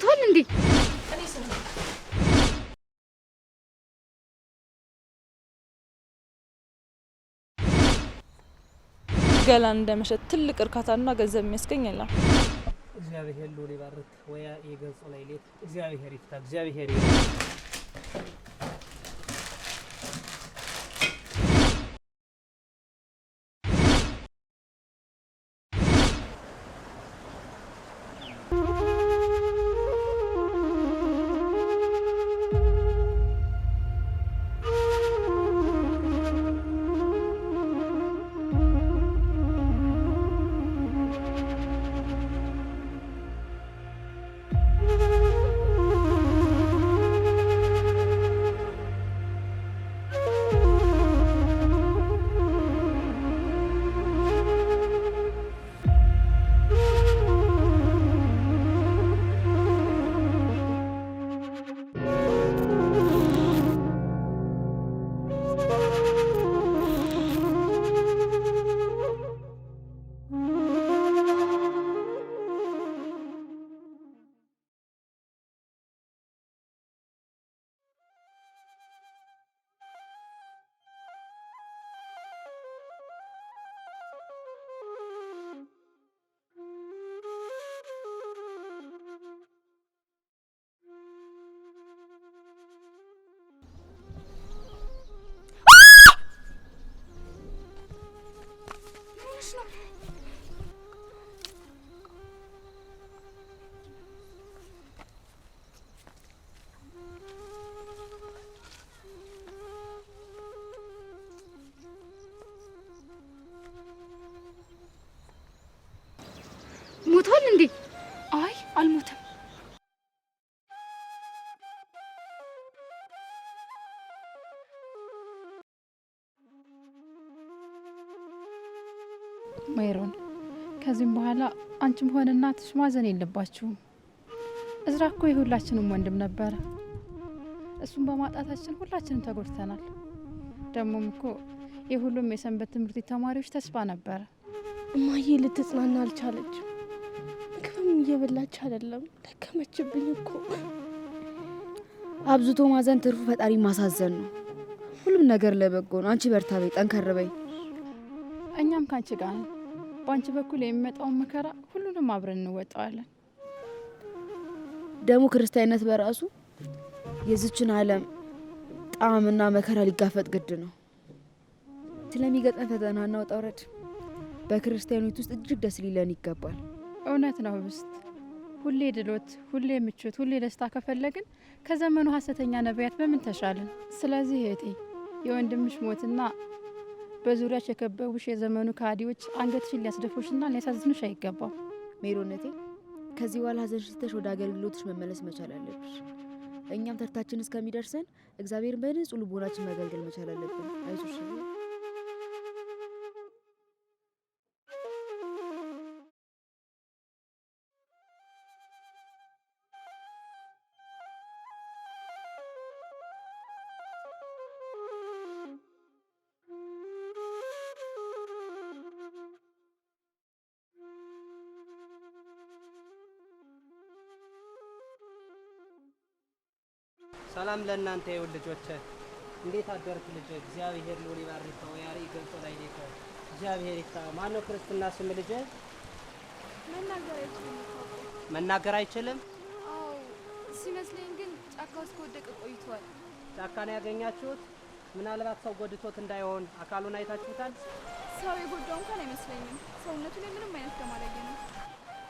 ሞቷል እንዴ? ገላን እንደመሸጥ ትልቅ እርካታና ገንዘብ የሚያስገኝ የለም። እግዚአብሔር ሉል ይባርክ ወያ የገጹ ላይ ሌት እግዚአብሔር ይፍታ እግዚአብሔር 是弄他。በኋላ አንቺም ሆነ እናትሽ ማዘን የለባችሁም። እዝራ እኮ የሁላችንም ወንድም ነበረ። እሱን በማጣታችን ሁላችንም ተጎድተናል። ደግሞም እኮ የሁሉም የሰንበት ትምህርት ተማሪዎች ተስፋ ነበረ። እማዬ ልትጽናና አልቻለች። ምግብም እየበላች አይደለም። ደከመችብኝ እኮ። አብዝቶ ማዘን ትርፉ ፈጣሪ ማሳዘን ነው። ሁሉም ነገር ለበጎ ነው። አንቺ በርታ በይ፣ ጠንከር በይ። እኛም ካንቺ ጋር ነው። በአንቺ በኩል የሚመጣውን መከራ ሁሉንም አብረን እንወጣዋለን። ደግሞ ክርስቲያንነት በራሱ የዝችን ዓለም ጣዕምና መከራ ሊጋፈጥ ግድ ነው። ስለሚገጥመን ፈተናና ውጣ ውረድ በክርስቲያኖች ውስጥ እጅግ ደስ ሊለን ይገባል። እውነት ነው ብስት ሁሌ ድሎት፣ ሁሌ ምቾት፣ ሁሌ ደስታ ከፈለግን ከዘመኑ ሐሰተኛ ነቢያት በምን ተሻልን? ስለዚህ እህቴ የወንድምሽ ሞትና በዙሪያሽ የከበቡሽ የዘመኑ ከሃዲዎች አንገትሽን ሊያስደፉሽና ሊያሳዝኑሽ አይገባም። ሜሮነቴ ከዚህ በኋላ ሀዘን ሽተሽ ወደ አገልግሎትሽ መመለስ መቻል አለብሽ። እኛም ተርታችን እስከሚደርሰን እግዚአብሔርን በንጹህ ልቦናችን መገልገል መቻል አለብን። አይዞሽ። ለእናንተ የውል ልጆች እንዴት አደርክ ልጅ እግዚአብሔር ሉል ይባርክ ነው ያሪ ገልጾ ላይ ነው እግዚአብሔር ይክታ ማን ነው ክርስትና ስም ልጅ መናገር አይችልም መናገር አይችልም አዎ ሲመስለኝ ግን ጫካ ውስጥ ከወደቀ ቆይቷል ጫካ ነው ያገኛችሁት ምናልባት ሰው ጎድቶት እንዳይሆን አካሉን አይታችሁታል ሰው የጎዳው እንኳን አይመስለኝም ሰውነቱ ላይ ምንም አይነት ተማላየ ነው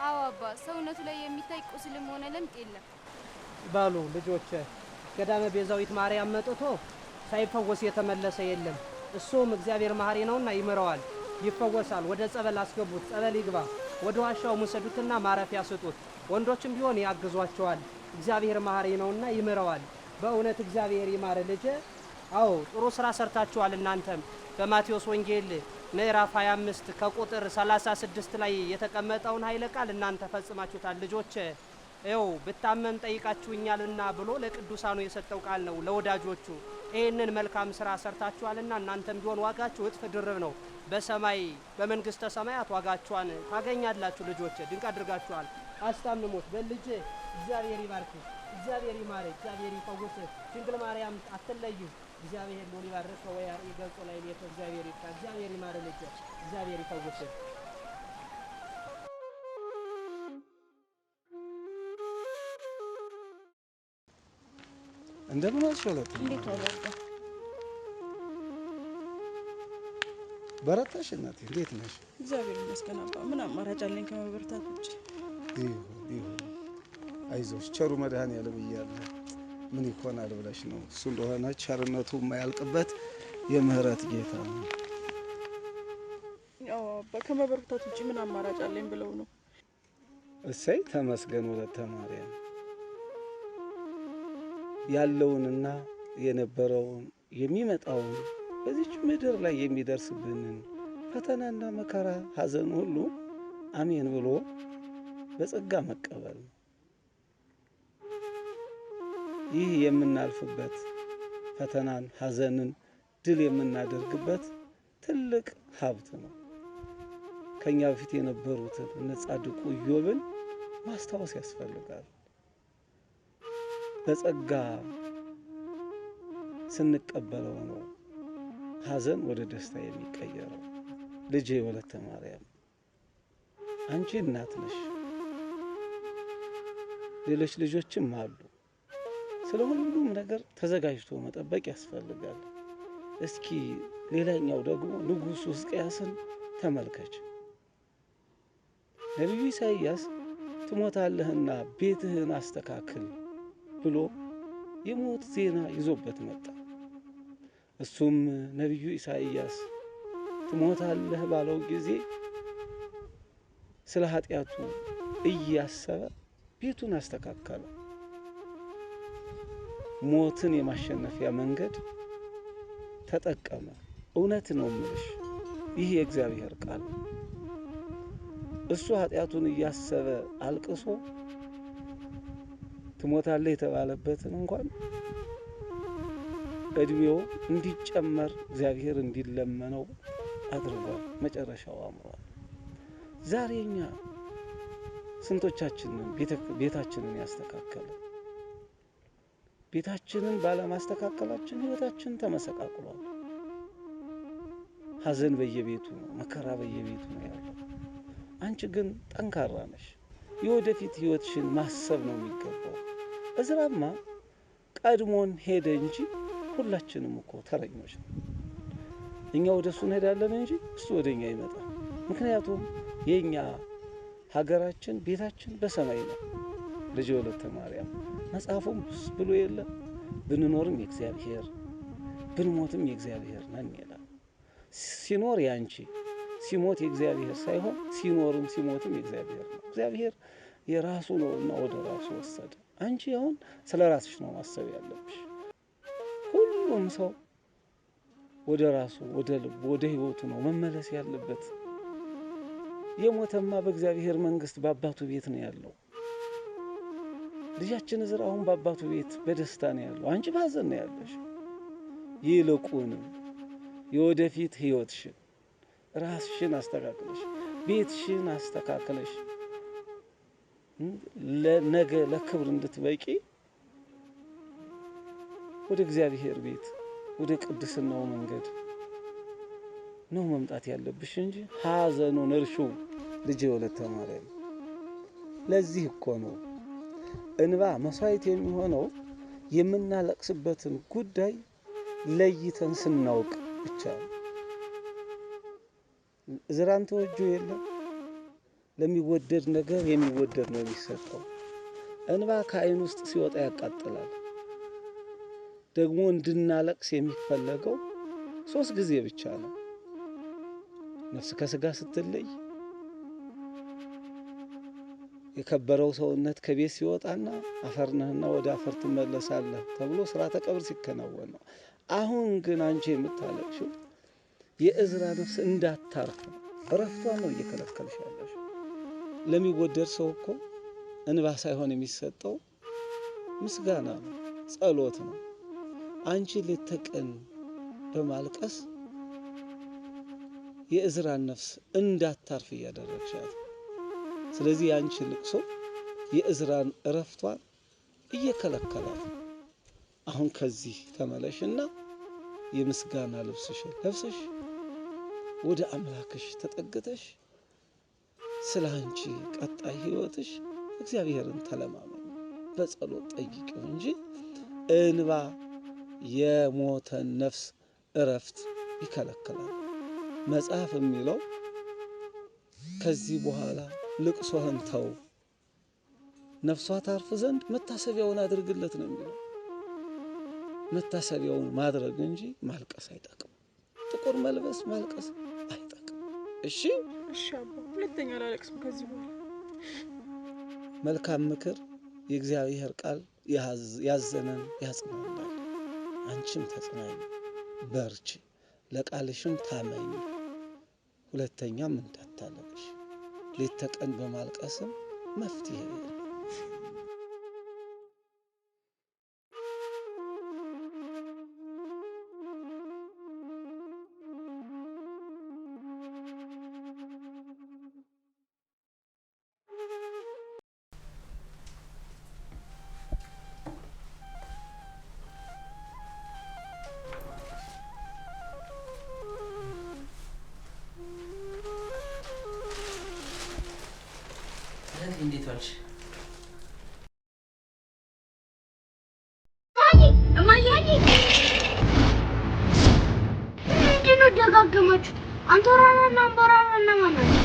አዎ አባ ሰውነቱ ላይ የሚታይ ቁስልም ሆነ ለምጥ የለም በሉ ልጆች ገዳመ ቤዛዊት ማርያም መጥቶ ሳይፈወስ የተመለሰ የለም። እሱም እግዚአብሔር መሐሪ ነውና ይምረዋል፣ ይፈወሳል። ወደ ጸበል አስገቡት፣ ጸበል ይግባ። ወደ ዋሻው ውሰዱትና ማረፊያ ስጡት። ወንዶችም ቢሆን ያግዟቸዋል። እግዚአብሔር መሐሪ ነውና ይምረዋል። በእውነት እግዚአብሔር ይማረ ልጄ። አዎ ጥሩ ስራ ሰርታችኋል። እናንተም በማቴዎስ ወንጌል ምዕራፍ 25 ከቁጥር 36 ላይ የተቀመጠውን ኃይለ ቃል እናንተ ፈጽማችሁታል ልጆቼ ይኸው ብታመም ጠይቃችሁኛልና ብሎ ለቅዱሳኑ የሰጠው ቃል ነው ለወዳጆቹ። ይህንን መልካም ስራ ሰርታችኋልና እናንተም ቢሆን ዋጋችሁ እጥፍ ድርብ ነው፣ በሰማይ በመንግስተ ሰማያት ዋጋችኋን ታገኛላችሁ። ልጆቼ ድንቅ አድርጋችኋል። አስታምሞት በልጅ እግዚአብሔር ይባርክ፣ እግዚአብሔር ይማረ፣ እግዚአብሔር ይፈውስ። ድንግል ማርያም አትለዩ። እግዚአብሔር ሞሊ ባረከ ወያ ይገልጾ ላይ ቤተ እግዚአብሔር ይጣ እግዚአብሔር ይማረ ልጄ፣ እግዚአብሔር ይፈውስ። እንደምን አስፈለጥ በረታሽ እናቴ፣ እንዴት ነሽ? እግዚአብሔር ይመስገን አባ። ምን አማራጭ አለኝ ከመበርታት ውጭ? ይሁን ይሁን፣ አይዞሽ ቸሩ መድኃኔዓለም እያለ ምን ይኮናል ብለሽ ነው። እሱ እንደሆነ ቸርነቱ የማያልቅበት የምህረት ጌታ ነው። አባ ከመበርታት ውጭ ምን አማራጭ አለኝ ብለው ነው። እሰይ ተመስገን ወለተ ማርያም ያለውንና የነበረውን የሚመጣውን በዚች ምድር ላይ የሚደርስብንን ፈተናና መከራ፣ ሐዘን ሁሉ አሜን ብሎ በጸጋ መቀበል ነው። ይህ የምናልፍበት ፈተናን፣ ሐዘንን ድል የምናደርግበት ትልቅ ሀብት ነው። ከእኛ በፊት የነበሩትን እነ ጻድቁ ኢዮብን ማስታወስ ያስፈልጋል። በጸጋ ስንቀበለው ነው ሐዘን ወደ ደስታ የሚቀየረው። ልጄ ወለተ ማርያም አንቺ እናት ነሽ፣ ሌሎች ልጆችም አሉ። ስለ ሁሉም ነገር ተዘጋጅቶ መጠበቅ ያስፈልጋል። እስኪ ሌላኛው ደግሞ ንጉሡ ሕዝቅያስን ተመልከች። ነቢዩ ኢሳይያስ ትሞታለህና ቤትህን አስተካክል ብሎ የሞት ዜና ይዞበት መጣ። እሱም ነቢዩ ኢሳይያስ ትሞታለህ ባለው ጊዜ ስለ ኃጢአቱ እያሰበ ቤቱን አስተካከለ። ሞትን የማሸነፊያ መንገድ ተጠቀመ። እውነት ነው ምልሽ፣ ይህ የእግዚአብሔር ቃል እሱ ኃጢአቱን እያሰበ አልቅሶ ትሞታለህ የተባለበትን እንኳን እድሜው እንዲጨመር እግዚአብሔር እንዲለመነው አድርጓል። መጨረሻው አምሯል። ዛሬ እኛ ስንቶቻችንን ቤታችንን ያስተካከለ ቤታችንን ባለማስተካከላችን ህይወታችን ተመሰቃቅሏል። ሐዘን በየቤቱ ነው፣ መከራ በየቤቱ ነው ያለው። አንቺ ግን ጠንካራ ነሽ። የወደፊት ህይወትሽን ማሰብ ነው የሚገባው። እዝራማ ቀድሞን ሄደ እንጂ ሁላችንም እኮ ተረኞች ነው። እኛ ወደ እሱ እንሄዳለን እንጂ እሱ ወደ እኛ ይመጣል። ምክንያቱም የእኛ ሀገራችን ቤታችን በሰማይ ነው። ልጅ ወለተ ማርያም መጽሐፉም ብሎ የለ ብንኖርም የእግዚአብሔር ብንሞትም የእግዚአብሔር ነን ይላል። ሲኖር ያንቺ ሲሞት የእግዚአብሔር ሳይሆን ሲኖርም ሲሞትም የእግዚአብሔር ነው። እግዚአብሔር የራሱ ነውና ወደ ራሱ ወሰደ። አንቺ አሁን ስለ ራስሽ ነው ማሰብ ያለብሽ። ሁሉም ሰው ወደ ራሱ፣ ወደ ልቡ፣ ወደ ህይወቱ ነው መመለስ ያለበት። የሞተማ በእግዚአብሔር መንግስት በአባቱ ቤት ነው ያለው። ልጃችን ዝር አሁን በአባቱ ቤት በደስታ ነው ያለው፣ አንቺ ባዘን ነው ያለሽ። ይልቁንም የወደፊት ህይወትሽን ራስሽን አስተካክለሽ ቤትሽን አስተካክለሽ ለነገ ለክብር እንድትበቂ ወደ እግዚአብሔር ቤት ወደ ቅድስናው መንገድ ነው መምጣት ያለብሽ እንጂ ሀዘኑ ንርሹ ልጅ የወለተ ማርያም ለዚህ እኮ ነው እንባ መስዋዕት የሚሆነው የምናለቅስበትን ጉዳይ ለይተን ስናውቅ ብቻ። እዝራን ተወጆ የለም ለሚወደድ ነገር የሚወደድ ነው የሚሰጠው። እንባ ከዓይን ውስጥ ሲወጣ ያቃጥላል። ደግሞ እንድናለቅስ የሚፈለገው ሶስት ጊዜ ብቻ ነው። ነፍስ ከስጋ ስትለይ፣ የከበረው ሰውነት ከቤት ሲወጣና አፈርነህና ወደ አፈር ትመለሳለህ ተብሎ ስርዓተ ቀብር ሲከናወን ነው። አሁን ግን አንቺ የምታለቅሽው የእዝራ ነፍስ እንዳታርፍ እረፍቷ ነው እየከለከልሽ ለሚወደድ ሰው እኮ እንባ ሳይሆን የሚሰጠው ምስጋና ነው፣ ጸሎት ነው። አንቺ ሌት ተቀን በማልቀስ የእዝራን ነፍስ እንዳታርፍ እያደረግሻት። ስለዚህ የአንቺ ልቅሶ የእዝራን እረፍቷን እየከለከላት አሁን ከዚህ ተመለሽና የምስጋና ልብስሽ ለብሰሽ ወደ አምላክሽ ተጠግተሽ ስለ አንቺ ቀጣይ ህይወትሽ እግዚአብሔርን ተለማመኝ፣ በጸሎት ጠይቂው እንጂ እንባ የሞተን ነፍስ እረፍት ይከለክላል። መጽሐፍ የሚለው ከዚህ በኋላ ልቅሶህን ተው፣ ነፍሷ ታርፍ ዘንድ መታሰቢያውን አድርግለት ነው የሚለው። መታሰቢያውን ማድረግ እንጂ ማልቀስ አይጠቅም። ጥቁር መልበስ ማልቀስ አይጠቅም። እሺ ሁለተኛ አላለቅስም ከዚህ በኋላ። መልካም ምክር የእግዚአብሔር ቃል ያዘነን ያጽናናል። አንቺም ተጽናኝ፣ በርቺ፣ ለቃልሽም ታመኝ። ሁለተኛም እንዳታለቅሽ ሌት ተቀን በማልቀስም መፍትሄ ነው ደጋገማችሁት? አንቶራራና አንቦራራ እነማን ናቸው?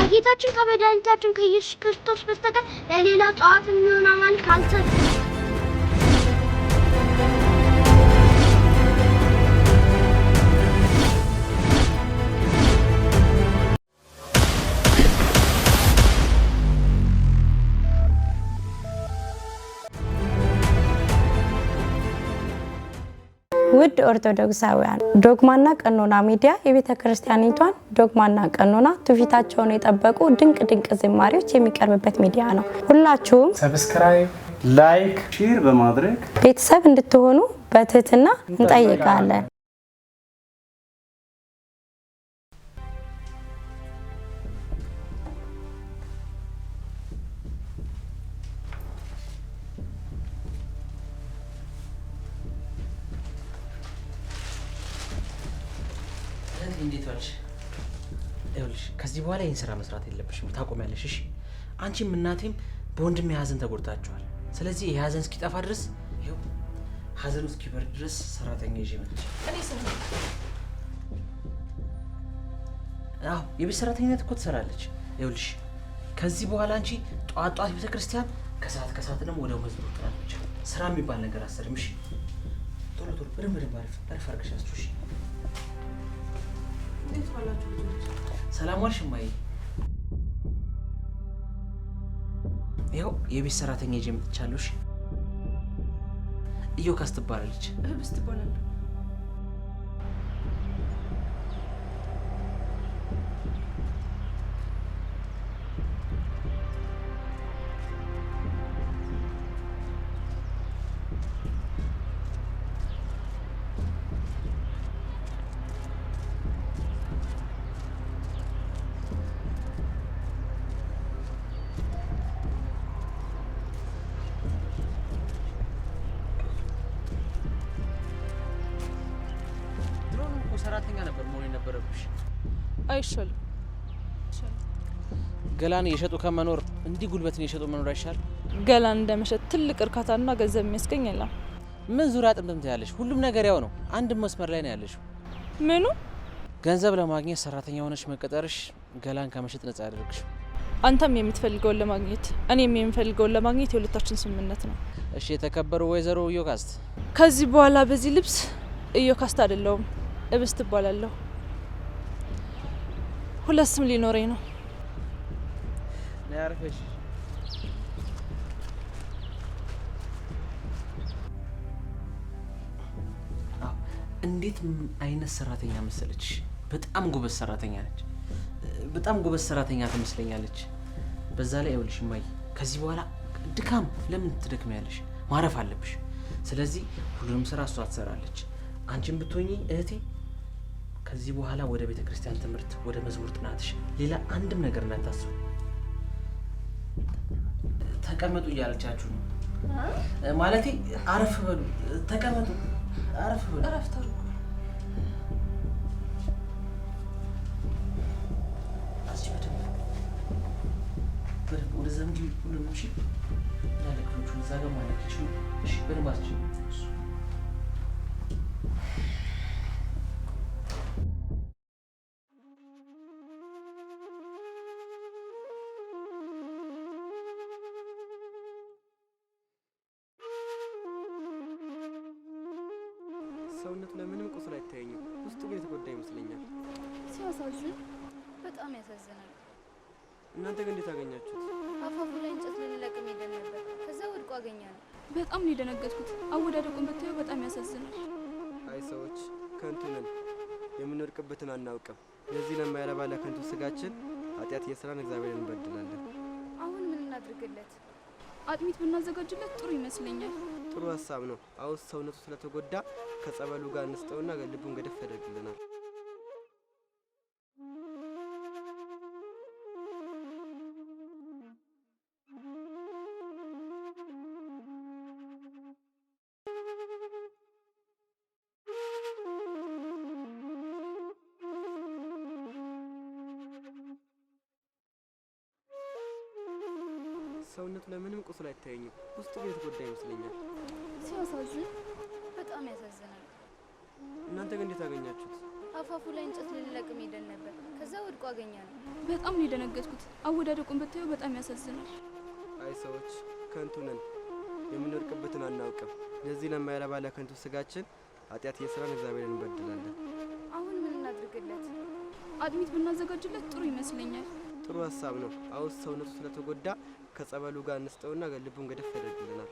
ከጌታችን ከመድኃኒታችን ከኢየሱስ ክርስቶስ በስተቀር ለሌላ ጣዖት የሚሆን አማልክት አልሰጠም። ውድ ኦርቶዶክሳውያን ዶግማና ቀኖና ሚዲያ የቤተ ክርስቲያኒቷን ዶግማና ቀኖና ትውፊታቸውን የጠበቁ ድንቅ ድንቅ ዝማሪዎች የሚቀርብበት ሚዲያ ነው። ሁላችሁም ሰብስክራይብ፣ ላይክ፣ ሼር በማድረግ ቤተሰብ እንድትሆኑ በትህትና እንጠይቃለን። ከዚህ በኋላ ይህን ስራ መስራት የለብሽም፣ ታቆሚያለሽ። እሺ አንቺም እናቴም በወንድም ሀዘን ተጎድታችኋል። ስለዚህ ይህ እስኪጠፋ ድረስ ይኸው ሀዘኑ እስኪበር ድረስ ሰራተኛ ይዤ መጥቼ አዎ የቤት ሰራተኝነት እኮ ትሰራለች። ይኸውልሽ ከዚህ በኋላ አንቺ ጠዋት ጠዋት ቤተ ክርስቲያን፣ ከሰዓት ከሰዓት ደግሞ ወደ መዝሙር ትላለች። ስራ የሚባል ነገር አሰርም። እሺ ቶሎ ቶሎ በደንብ በደንብ አሪፍ አሪፍ አድርገሽ አስችሽ እንዴት ባላችሁ ሰላም ዋልሽ እማዬ። ይኸው የቤት ሰራተኛ ይዤ መጥቻለሁ። እሺ ትባላለች። እህብስ ትባላለሁ ሰራተኛ ነበር መሆን የነበረብሽ። ገላን የሸጡ ከመኖር እንዲህ ጉልበትን የሸጡ መኖር አይሻል? ገላን እንደመሸጥ ትልቅ እርካታና ገንዘብ የሚያስገኝ የለም። ምን ዙሪያ ጥምጥምት ያለሽ? ሁሉም ነገር ያው ነው። አንድ መስመር ላይ ነው ያለሽው። ምኑ? ገንዘብ ለማግኘት ሰራተኛ ሆነሽ መቀጠርሽ ገላን ከመሸጥ ነጻ ያደርግሽ። አንተም የምትፈልገውን ለማግኘት እኔም የምፈልገውን ለማግኘት የሁለታችን ስምምነት ነው። እሺ የተከበሩ ወይዘሮ ኢዮካስት፣ ከዚህ በኋላ በዚህ ልብስ ኢዮካስት አይደለውም። እብስት እባላለሁ። ሁለት ስም ሊኖረኝ ነው። እንዴት አይነት ሰራተኛ መሰለች! በጣም ጎበዝ ሰራተኛ ነች። በጣም ጎበዝ ሰራተኛ ትመስለኛለች። በዛ ላይ ይኸውልሽ እማዬ፣ ከዚህ በኋላ ድካም ለምን ትደክሚያለሽ? ማረፍ አለብሽ። ስለዚህ ሁሉንም ስራ እሷ ትሰራለች። አንቺን ብትሆኚ እህቴ ከዚህ በኋላ ወደ ቤተ ክርስቲያን ትምህርት፣ ወደ መዝሙር ጥናትሽ ሌላ አንድም ነገር እንዳታስቡ። ተቀመጡ እያለቻችሁ ነው ማለቴ። አረፍ በሉ ተቀመጡ፣ አረፍ በሉ። ወደዛ እንዲ ሁሉንም እዛ ምክንያቱ ምንም ቁስል አይታየኝም። ውስጡ ግን የተጎዳ ይመስለኛል። ሲያሳዝን፣ በጣም ያሳዝናል። እናንተ ግን እንዴት አገኛችሁት? አፋፉ ላይ እንጨት ልንለቅም ሄደን ነበር። ከዛ ወድቆ አገኛል በጣም ነው የደነገጥኩት። አወዳደቁን ብታየው በጣም ያሳዝናል። አይ ሰዎች ከንቱ ነን፣ የምንወድቅበትን አናውቅም። ለዚህ ለማይረባ ለከንቱ ስጋችን ኃጢአት እየሰራን እግዚአብሔር እንበድላለን። አሁን ምን እናድርግለት? አጥሚት ብናዘጋጅለት ጥሩ ይመስለኛል። ጥሩ ሀሳብ ነው። አሁን ሰውነቱ ስለተጎዳ ከጸበሉ ጋር እንስጠውና ልቡን ገደፍ ያደርግልናል። ሰውነቱ ለምንም ቁስል አይታየኝም። ውስጡ ጉዳይ ይመስለኛል። ሲያሳዝን በጣም ያሳዝናል። እናንተ ግን እንዴት አገኛችሁት? አፋፉ ላይ እንጨት ልንለቅም ሄደን ነበር። ከዛ ወድቆ አገኛለሁ። በጣም ነው የደነገጥኩት። አወዳደቁን ብታየው በጣም ያሳዝናል። አይ ሰዎች ከንቱ ነን፣ የምንወድቅበትን አናውቅም። ለዚህ ለማይረባ ለከንቱ ስጋችን ኃጢአት እየሰራን እግዚአብሔር እንበድላለን። አሁን ምን እናድርግለት? አጥሚት ብናዘጋጅለት ጥሩ ይመስለኛል። ጥሩ ሀሳብ ነው። አሁን ሰውነቱ ስለተጎዳ ከጸበሉ ጋር እንስጠውና ልቡን ገደፍ ያደርግልናል።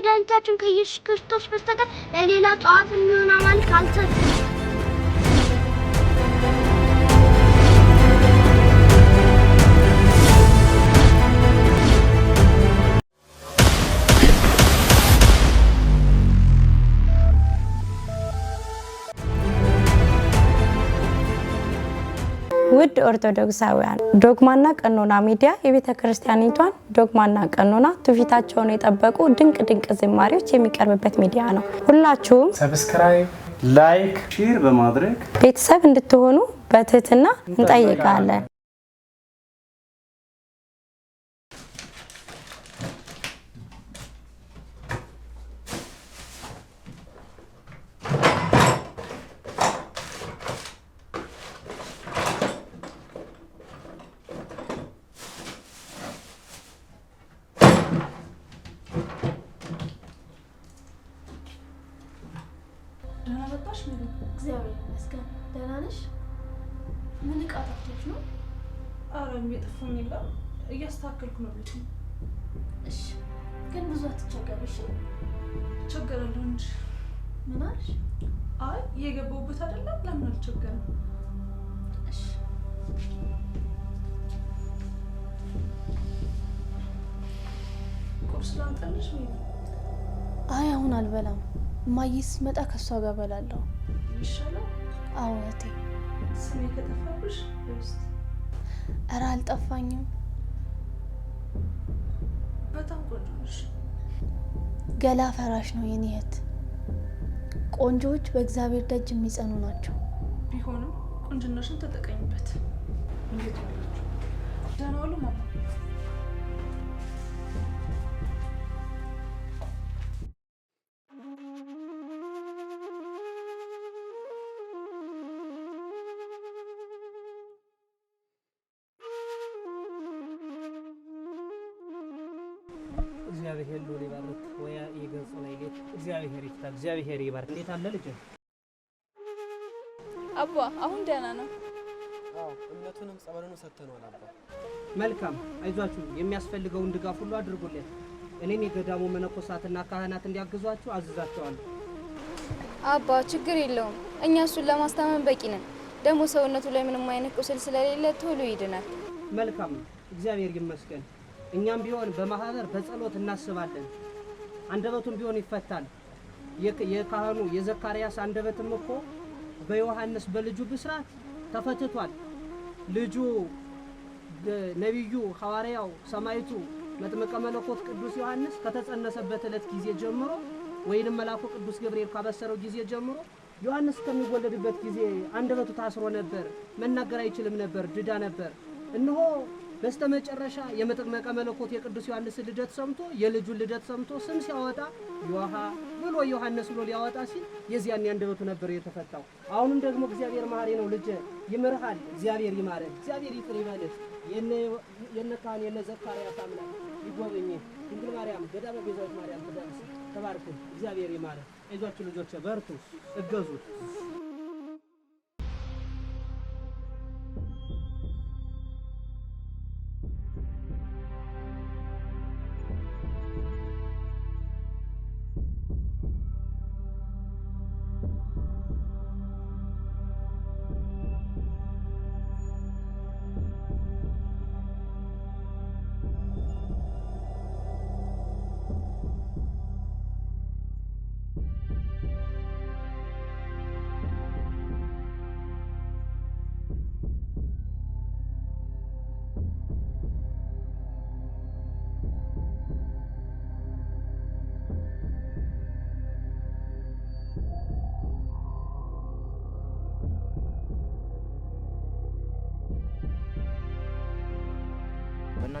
መድኃኒታችን ከኢየሱስ ክርስቶስ በስተቀር ለሌላ ጣዖት የሚሆን አማልክት አልሰጥም። ውድ ኦርቶዶክሳውያን ዶግማና ቀኖና ሚዲያ የቤተ ክርስቲያኒቷን ዶግማና ቀኖና ትውፊታቸውን የጠበቁ ድንቅ ድንቅ ዝማሬዎች የሚቀርብበት ሚዲያ ነው። ሁላችሁም ሰብስክራይብ፣ ላይክ፣ ሼር በማድረግ ቤተሰብ እንድትሆኑ በትህትና እንጠይቃለን። የለም እያስተካከልኩ ነው ቤቱ። እሺ፣ ግን ብዙ አትቸገር። እሺ፣ እቸገራለሁ እንጂ ምን አልሽ? አይ እየገባሁበት አይደለም። ለምን አልቸገርም? እሺ ቁርስ ላምጣልሽ? አይ አሁን አልበላም። እማዬ ስትመጣ ከእሷ ጋር እበላለሁ። ይሻላል። አዎ እህቴ፣ ስሜ ከጠፋብሽ ውስጥ እረ አልጠፋኝም። በጣም ቆንጆ ነሽ። ገላ ፈራሽ ነው የኔ እህት። ቆንጆዎች በእግዚአብሔር ደጅ የሚጸኑ ናቸው። ቢሆንም ቁንጅናሽን ተጠቀኝበት። እንዴት ናቸው? ደህና ዋሉ ማማ እግዚአብሔር ሎል ይባርክ። ወያ ይገጹ ላይ ቤት እግዚአብሔር ይፍታ፣ እግዚአብሔር ይባርክ። እንዴት አለ ልጅ አባ? አሁን ደህና ነው። አዎ እምነቱንም ጸበሉንም ሰጥተነዋል አባ። መልካም፣ አይዟችሁ። የሚያስፈልገውን ድጋፍ ሁሉ አድርጉለት። እኔም የገዳሙ መነኮሳትና ካህናት እንዲያግዟችሁ አዝዛቸዋለሁ። አባ ችግር የለውም። እኛ እሱን ለማስታመን በቂ ነን። ደግሞ ሰውነቱ ላይ ምንም አይነት ቁስል ስለሌለ ቶሎ ይድናል። መልካም ነው። እግዚአብሔር ይመስገን። እኛም ቢሆን በማህበር በጸሎት እናስባለን። አንደበቱም ቢሆን ይፈታል። የካህኑ የዘካርያስ አንደበትም እኮ በዮሐንስ በልጁ ብስራት ተፈትቷል። ልጁ ነቢዩ ሐዋርያው ሰማይቱ መጥምቀ መለኮት ቅዱስ ዮሐንስ ከተጸነሰበት ዕለት ጊዜ ጀምሮ ወይንም መልአኩ ቅዱስ ገብርኤል ካበሰረው ጊዜ ጀምሮ ዮሐንስ ከሚወለድበት ጊዜ አንደበቱ ታስሮ ነበር፣ መናገር አይችልም ነበር፣ ድዳ ነበር። እነሆ በስተመጨረሻ የመጥምቀ መለኮት የቅዱስ ዮሐንስ ልደት ሰምቶ የልጁን ልደት ሰምቶ ስም ሲያወጣ ዮሐ ብሎ ዮሐንስ ብሎ ሊያወጣ ሲል የዚያን ያንደበቱ ነበር የተፈታው። አሁንም ደግሞ እግዚአብሔር መሐሪ ነው፣ ልጅ ይምርሃል፣ እግዚአብሔር ይማረህ፣ እግዚአብሔር ይፍር ይበልህ። የነ ካህን የነ ዘካርያስ አምላክ ይጎበኝ። ድንግል ማርያም ገዳመ ቤዛዊት ማርያም ትደርስ። ተባርኩ፣ እግዚአብሔር ይማረህ። አይዟችሁ ልጆች በርቱ፣ እገዙ።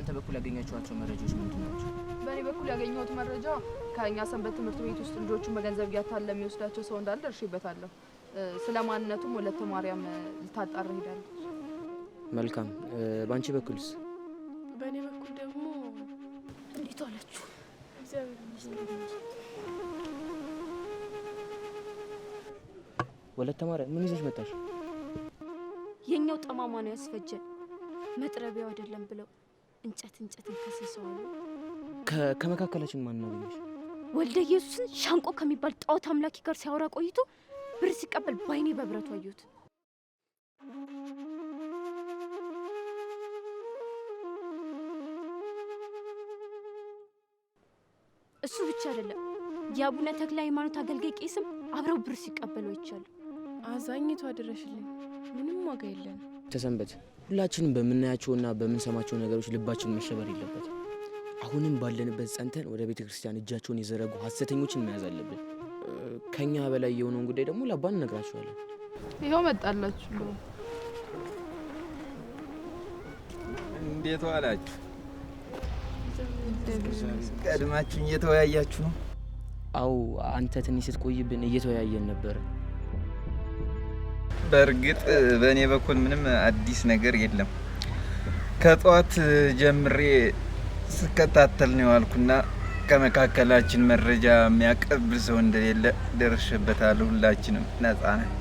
በእናንተ በኩል ያገኛችኋቸው መረጃዎች ምንድን ናቸው? በእኔ በኩል ያገኘሁት መረጃ ከእኛ ሰንበት ትምህርት ቤት ውስጥ ልጆቹን በገንዘብ እያታለ የሚወስዳቸው ሰው እንዳለ ደርሼበታለሁ። ስለ ማንነቱም ወለተ ማርያም ልታጣር ሄዳለች። መልካም። በአንቺ በኩልስ? በእኔ በኩል ደግሞ እንዴት አላችሁ? ወለተ ማርያም ምን ይዘሽ መጣሽ? የእኛው ጠማማ ነው ያስፈጀን መጥረቢያው አይደለም ብለው እንጨት እንጨት ከስሰዋል። ከመካከላችን ማን ነው ወልደ ኢየሱስን ሻንቆ ከሚባል ጣዖት አምላኪ ጋር ሲያወራ ቆይቶ ብር ሲቀበል ባይኔ በብረቱ አየሁት። እሱ ብቻ አይደለም፣ የአቡነ ተክለ ሃይማኖት አገልጋይ ቄስም አብረው ብር ሲቀበሉ ይቻሉ። አዛኝቷ ድረሽልኝ፣ ምንም ዋጋ የለን። ተሰንበት ሁላችንም በምናያቸውና በምንሰማቸው ነገሮች ልባችን መሸበር የለበትም። አሁንም ባለንበት ጸንተን ወደ ቤተ ክርስቲያን እጃቸውን የዘረጉ ሀሰተኞችን መያዝ አለብን። ከኛ በላይ የሆነውን ጉዳይ ደግሞ ለአባን እነግራቸዋለን። ይኸው መጣላችሁ። እንዴት ዋላችሁ? ቀድማችሁ እየተወያያችሁ ነው? አዎ፣ አንተ ትንሽ ስትቆይብን እየተወያየን ነበር? በእርግጥ በእኔ በኩል ምንም አዲስ ነገር የለም። ከጠዋት ጀምሬ ስከታተል ነው ያልኩና ከመካከላችን መረጃ የሚያቀብል ሰው እንደሌለ ደርሽበታል። ሁላችንም ነጻ ነን።